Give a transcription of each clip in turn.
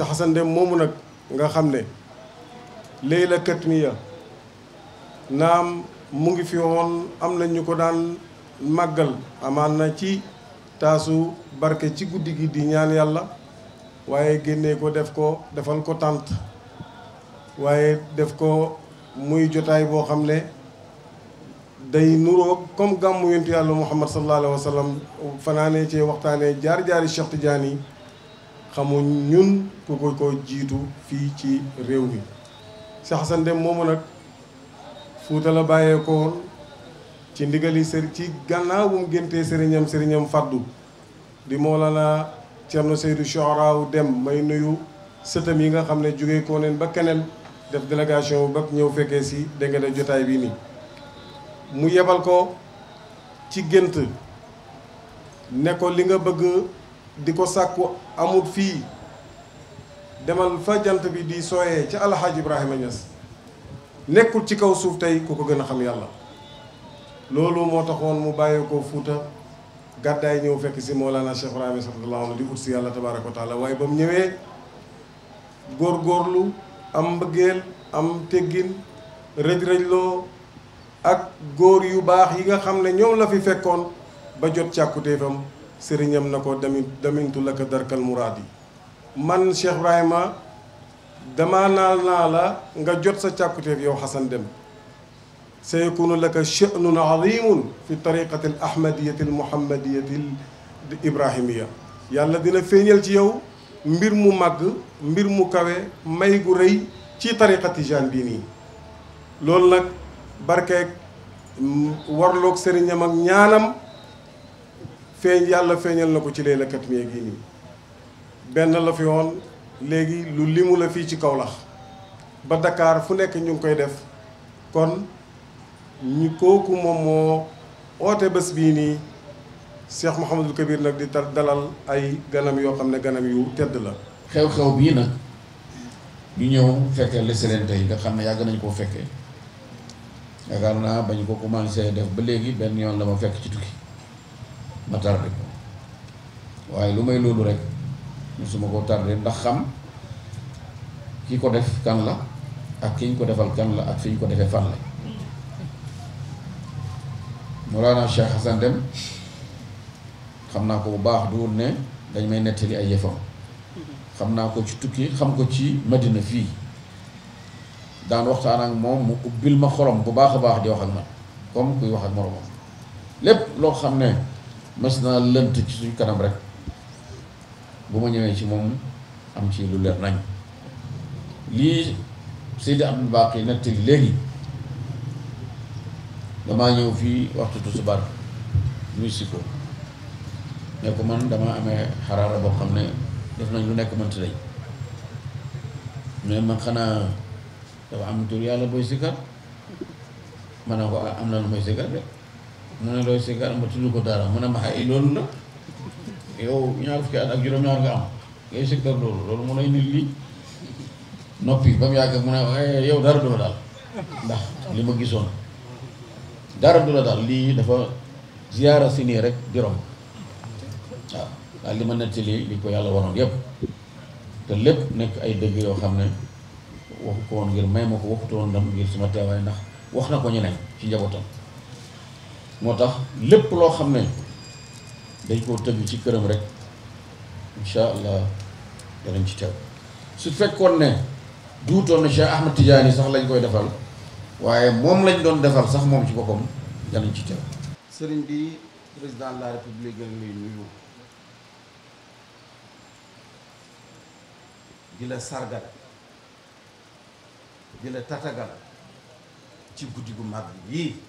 si xasan moomu nag nga xam ne léegi la mi ya naam mu ngi fi woon am na ñu ko daan màggal amaal na ci taasu barke ci guddi gi di ñaan yàlla waaye génne ko def ko defal ko tànt waaye def ko muy jotaay boo xam ne day nuroo comme gàmmu yontu yàlla muhammad sallallahu alayhi wa sallam fanaanee ci waxtaanee jaar-jaari Cheikh yi xamuñ ñun ku ko ko jiitu fii ci réew bi sax Hassane Dème moomu nag Fuuta bàyyeekoon ci ndigali sër ci gannaawum génte sëriñam sëriñam faddu di Mawlana Cerno Seydou Soxraaw dem may nuyu sëtam yi nga xam ne jóge koo neen ba keneen def délégation bu bëpp ñëw fekkee si dégg nga jotaay bii nii mu yebal ko ci gént ne ko li nga bëgg di ko sàkku amut fii demal fa jant bi di sooyee ci alxaaj Ibrahima Niass nekkul ci kaw suuf tey ku ko gën a xam yàlla loolu moo taxoon mu bàyyi ko fuuta gàddaay ñëw fekk si Mawlana Cheikh Ibrahima sallallahu alayhi di ut si yàlla tabaaraka wa taala waaye ba mu ñëwee góorgóorlu am mbëggeel am teggin rëj-rëjloo ak góor yu baax yi nga xam ne ñëw la fi fekkoon ba jot càkkutéefam سيرنيام نكو دامين دامين تولك درك المرادي من شيخ ابراهيم دما نال نالا نغا جوت سا تياكوتي حسن ديم سيكون لك شأن عظيم في الطريقة الأحمدية المحمدية الإبراهيمية يالا دينا فينيال تي يو مبير مو ماغ مبير مو كاوي ماي غو ري تي طريقة جان ديني لول نك باركيك ورلوك سيرنيام نيانام feeñ yàlla feeñal na ko ci laylakat mi gi nii benn la fi woon léegi lu limu la fii ci Kaolack ba dakaar fu nekk ñu ngi koy def kon ñu kooku moom moo oote bés bii nii Cheikh Mouhamadul Kabir nag di tar dalal ay ganam yoo xam ne ganam yu tedd la xew-xew bii nag ñu ñëw fekkee lesileen yi nga xam ne yàgg nañu koo fekkee yaakaar naa bañ ko commencé def ba léegi benn yoon la ma fekk ci tukki ba tardé ko waaye lu may loolu rek musuma ko tardé ndax xam ki ko def kan la ak ki ñu ko defal kan la ak fi ñu ko defee fan la Mawlana Cheikh Hassan Deme xam naa ko bu baax du ne dañ may nettali ay yëfam xam naa ko ci tukki xam ko ci Madina fii daan waxtaan ak moom mu ubbil ma xolam bu baax a baax di wax ak man comme kuy wax ak moromam lépp loo xam ne mas naa lënt ci suñ kanam rek bu ma ñëwee ci moom am ci lu leer nañ lii Seydi Abdou Baqi nettali léegi damaa ñëw fii waxtu tusubaar muy si ko ne ko man dama amee xaraara boo xam ne def nañ lu nekk mënti lay mais ma xanaa dafa am tur yàlla booy sikkar ma ne ko ah am na lu may sikkar mu ne looy sigar ma tudd ko dara mu ne ma xay loolu la yow ñaar fukki at ak juróom-ñaar nga am ngay sigar loolu loolu mun a indi lii noppi ba mu yàgg mu ne eh, yow dara du la daal ndax li ma gisoon dara du la daal lii dafa ziyaara si nii rek di romb waaw daal li ma nettali li ko yàlla waroon yépp te lépp nekk ay dëgg yoo xam ne waxu ko woon ngir may ma ko waxutoon ndam ngir suma teewaay ndax wax na ko ñeneen ci njabootam moo tax lépp loo xam ne dañ koo tëgg ci këram rek incha allah danañ ci teew su fekkoon ne duutoon na Cheikh Ahmad Tidiane sax lañ koy defal waaye moom lañ doon defal sax moom ci boppam danañ ci teew. sëriñ bi président de la république la ñuy nuyu di la sargal di la tatagal ci guddi gu mag yii.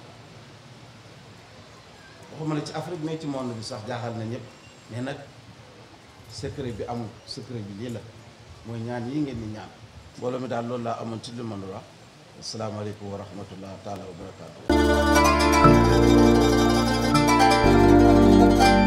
waxuma la ci Afrique mais ci monde bi sax jaaxal na ñëpp mais nag secret bi amul secret bi lii la mooy ñaan yi ngeen di ñaan mbooloo mi daal loolu laa amoon ci li mën a wax asalaamaaleykum wa rahmatullah taala wa